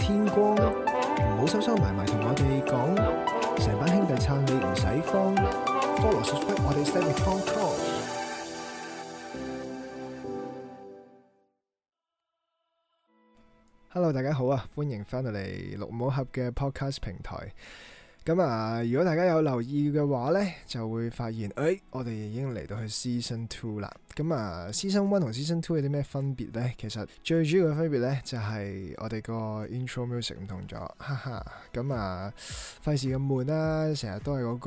天光，唔好收收埋埋同我哋講，成班兄弟撐你唔使慌。Follow Spotify，我哋 set up podcast。Hello，大家好啊，歡迎翻到嚟綠帽盒嘅 podcast 平台。咁啊，如果大家有留意嘅話呢，就會發現，誒，我哋已經嚟到去 Season Two 啦。咁啊，Season One 同 Season Two 有啲咩分別呢？其實最主要嘅分別呢，就係我哋個 Intro Music 唔同咗，哈哈。咁啊，費事咁悶啦，成日都係嗰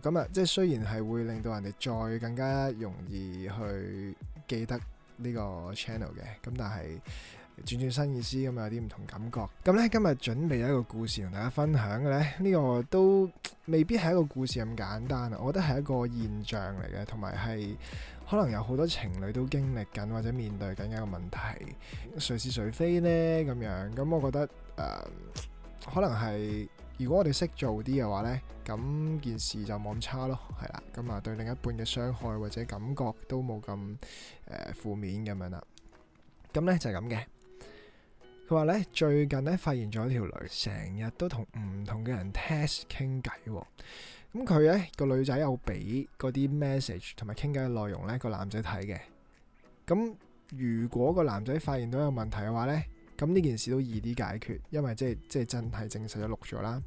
個。咁啊，即係雖然係會令到人哋再更加容易去記得呢個 Channel 嘅，咁但係。轉轉新意思咁啊，有啲唔同感覺。咁呢，今日準備有一個故事同大家分享嘅咧，呢、呢個都未必係一個故事咁簡單啊！我覺得係一個現象嚟嘅，同埋係可能有好多情侶都經歷緊或者面對緊一個問題，誰是誰非呢？咁樣。咁我覺得誒、呃，可能係如果我哋識做啲嘅話呢咁件事就冇咁差咯，係啦。咁啊，對另一半嘅傷害或者感覺都冇咁誒負面咁樣啦。咁呢，就係咁嘅。佢話咧，最近咧發現咗條女，成日都同唔同嘅人 test 傾偈、哦。咁佢咧個女仔有俾嗰啲 message 同埋傾偈嘅內容咧，個男仔睇嘅。咁、嗯、如果個男仔發現到有問題嘅話咧，咁、嗯、呢件事都易啲解決，因為即係即係真係證實咗錄咗啦。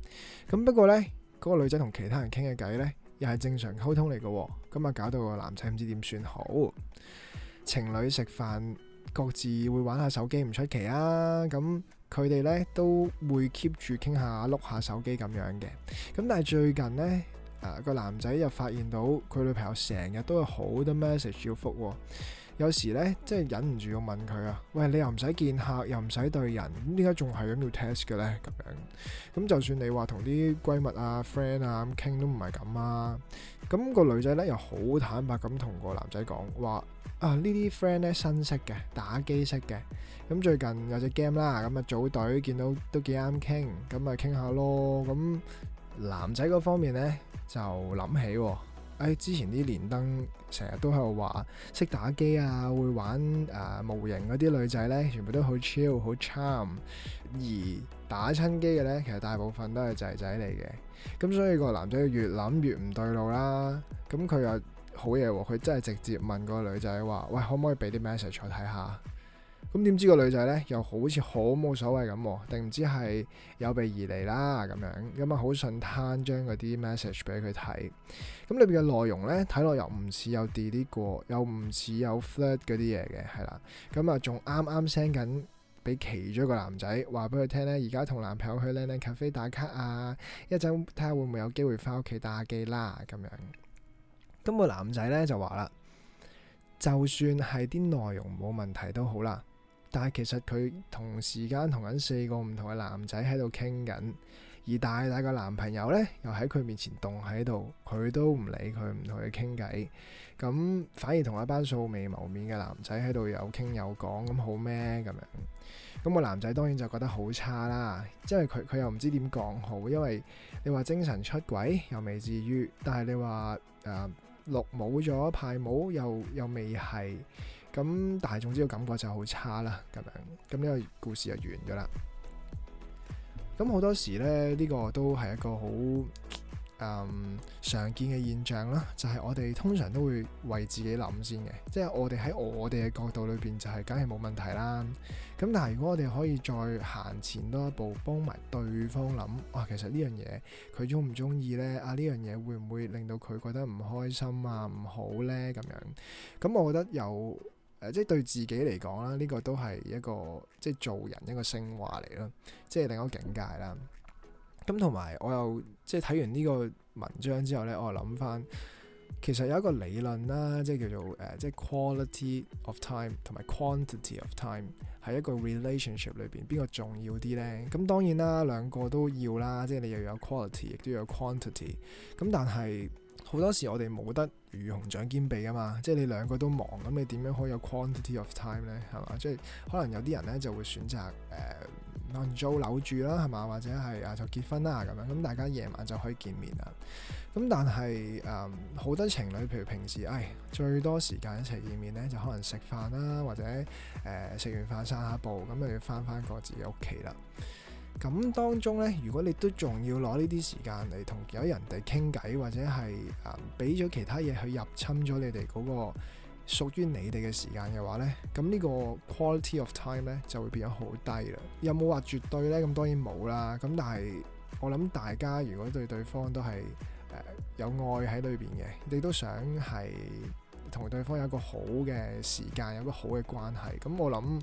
咁、嗯、不過咧，嗰個女仔同其他人傾嘅偈咧，又係正常溝通嚟嘅、哦。咁、嗯、啊搞到個男仔唔知點算好。情侶食飯。各自會玩下手機唔出奇啊，咁佢哋咧都會 keep 住傾下、碌下手機咁樣嘅。咁但係最近呢，誒、啊、個男仔又發現到佢女朋友成日都有好多 message 要復喎、啊。有時呢，即係忍唔住要問佢啊，「喂，你又唔使見客，又唔使對人，咁點解仲係咁要 test 嘅呢？」咁樣，咁就算你話同啲閨蜜啊、friend 啊咁傾都唔係咁啊。咁個女仔咧又好坦白咁同個男仔講話啊，呢啲 friend 咧，新識嘅、打機識嘅，咁、嗯、最近有隻 game 啦，咁、嗯、啊組隊見到都幾啱傾，咁咪傾下咯。咁、嗯、男仔嗰方面咧就諗起喎。哎、之前啲連登成日都喺度話識打機啊，會玩誒模型嗰啲女仔呢，全部都好 chill 好 charm，而打親機嘅呢，其實大部分都係仔仔嚟嘅。咁所以個男仔越諗越唔對路啦。咁佢又好嘢喎、哦，佢真係直接問個女仔話：「喂，可唔可以俾啲 message 我睇下？咁點知個女仔咧又好似好冇所謂咁，定唔知係有備而嚟啦咁樣，咁啊好順攤將嗰啲 message 俾佢睇，咁裏邊嘅內容咧睇落又唔似有 delete 過，又唔似有 flirt 嗰啲嘢嘅，係啦，咁啊仲啱啱 send 緊俾其中一個男仔話俾佢聽咧，而家同男朋友去靚靚咖啡打卡啊，一陣睇下會唔會，會有機會翻屋企打下機啦咁樣。咁個男仔咧就話啦，就算係啲內容冇問題都好啦。但係其實佢同時間同緊四個唔同嘅男仔喺度傾緊，而大大個男朋友呢又喺佢面前動喺度，佢都唔理佢，唔同佢傾偈，咁反而同一班素未謀面嘅男仔喺度又傾又講，咁好咩？咁樣，咁個男仔當然就覺得好差啦，即係佢佢又唔知點講好，因為你話精神出軌又未至於，但係你話誒綠冇咗派帽又又未係。咁但係總之個感覺就好差啦，咁樣，咁呢個故事就完咗啦。咁好多時咧，呢、這個都係一個好、嗯，常見嘅現象啦。就係、是、我哋通常都會為自己諗先嘅，即係我哋喺我哋嘅角度裏邊就係梗係冇問題啦。咁但係如果我哋可以再行前多一步，幫埋對方諗，哇、啊，其實呢樣嘢佢中唔中意呢？啊，呢樣嘢會唔會令到佢覺得唔開心啊、唔好呢？」咁樣，咁我覺得有。誒、呃、即係對自己嚟講啦，呢、這個都係一個即係做人一個昇華嚟啦，即係另一個境界啦。咁同埋我又即係睇完呢個文章之後呢，我又諗翻其實有一個理論啦，即係叫做誒、呃、即係 quality of time 同埋 quantity of time 喺一個 relationship 裏邊邊個重要啲呢？咁、嗯、當然啦，兩個都要啦，即係你又有 quality 亦都有 quantity、嗯。咁但係好多時我哋冇得魚與熊掌兼備㗎嘛，即係你兩個都忙，咁你點樣可以有 quantity of time 呢？係嘛，即係可能有啲人呢就會選擇誒 on 租樓住啦，係嘛，或者係啊就結婚啦咁樣，咁大家夜晚就可以見面啦。咁但係誒好多情侶，譬如平時唉，最多時間一齊見面呢，就可能食飯啦，或者誒食、呃、完飯散下步，咁又要翻翻個自己屋企啦。咁當中呢，如果你都仲要攞呢啲時間嚟同其他人哋傾偈，或者係啊俾咗其他嘢去入侵咗你哋嗰個屬於你哋嘅時間嘅話呢，咁呢個 quality of time 呢就會變咗好低啦。有冇話絕對呢？咁當然冇啦。咁但係我諗大家如果對對方都係、呃、有愛喺裏邊嘅，你都想係同對方有一個好嘅時間，有一個好嘅關係。咁我諗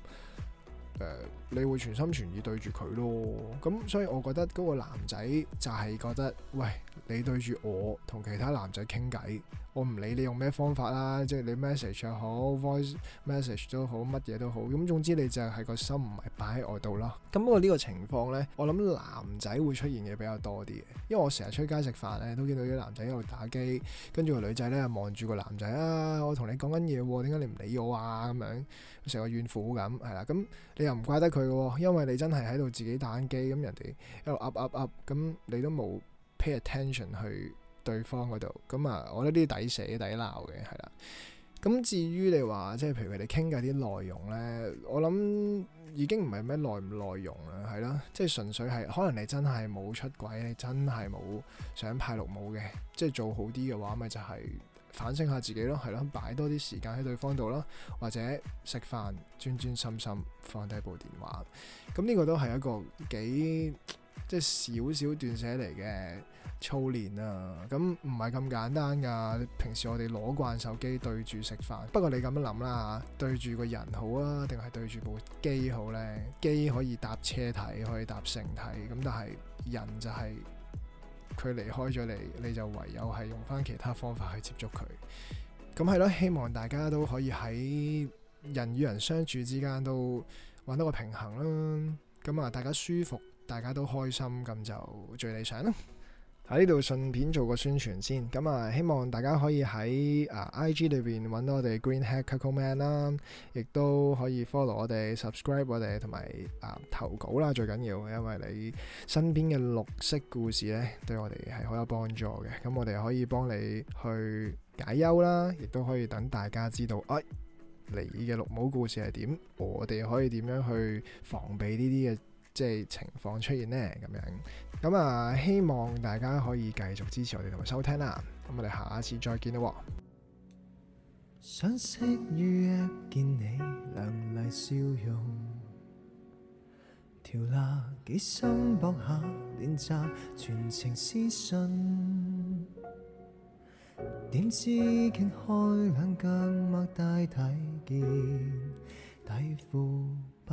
你會全心全意對住佢咯，咁所以我覺得嗰個男仔就係覺得，喂，你對住我同其他男仔傾偈，我唔理你用咩方法啦，即係你 message 又好，voice message 都好，乜嘢都好，咁總之你就係個心唔係擺喺外度咯。咁不過呢個情況呢，我諗男仔會出現嘅比較多啲嘅，因為我成日出街食飯呢，都見到啲男仔喺度打機，跟住個女仔呢，望住個男仔啊，我同你講緊嘢，點解你唔理我啊？咁樣成個怨婦咁，係啦，咁你又唔怪得。佢因為你真係喺度自己打緊機，咁人哋喺度噏噏噏，咁你都冇 pay attention 去對方嗰度，咁啊，我覺得啲抵死、抵鬧嘅，係啦。咁至於你話，即係譬如你傾嘅啲內容呢，我諗已經唔係咩內唔內容啦，係啦，即係純粹係，可能你真係冇出軌，你真係冇想派六母嘅，即係做好啲嘅話，咪就係、是。反省下自己咯，係咯，擺多啲時間喺對方度咯，或者食飯專專心心放低部電話，咁呢個都係一個幾即係少少斷捨離嘅操練啊！咁唔係咁簡單㗎。平時我哋攞慣手機對住食飯，不過你咁樣諗啦嚇，對住個人好啊，定係對住部機好呢？機可以搭車睇，可以搭乘睇，咁但係人就係、是。佢離開咗你，你就唯有係用返其他方法去接觸佢。咁係咯，希望大家都可以喺人與人相處之間都揾到個平衡啦。咁啊，大家舒服，大家都開心，咁就最理想啦。喺呢度順便做個宣傳先，咁、嗯、啊，希望大家可以喺啊、呃、IG 裏邊揾到我哋 Green Hat Cuckold Man 啦，亦都可以 follow 我哋、subscribe 我哋，同埋啊投稿啦，最緊要，因為你身邊嘅綠色故事呢，對我哋係好有幫助嘅。咁、嗯、我哋可以幫你去解憂啦，亦都可以等大家知道，哎，你嘅綠帽故事係點，我哋可以點樣去防備呢啲嘅。即係情況出現呢，咁樣咁啊！希望大家可以繼續支持我哋同埋收聽啦。咁我哋下一次再見啦。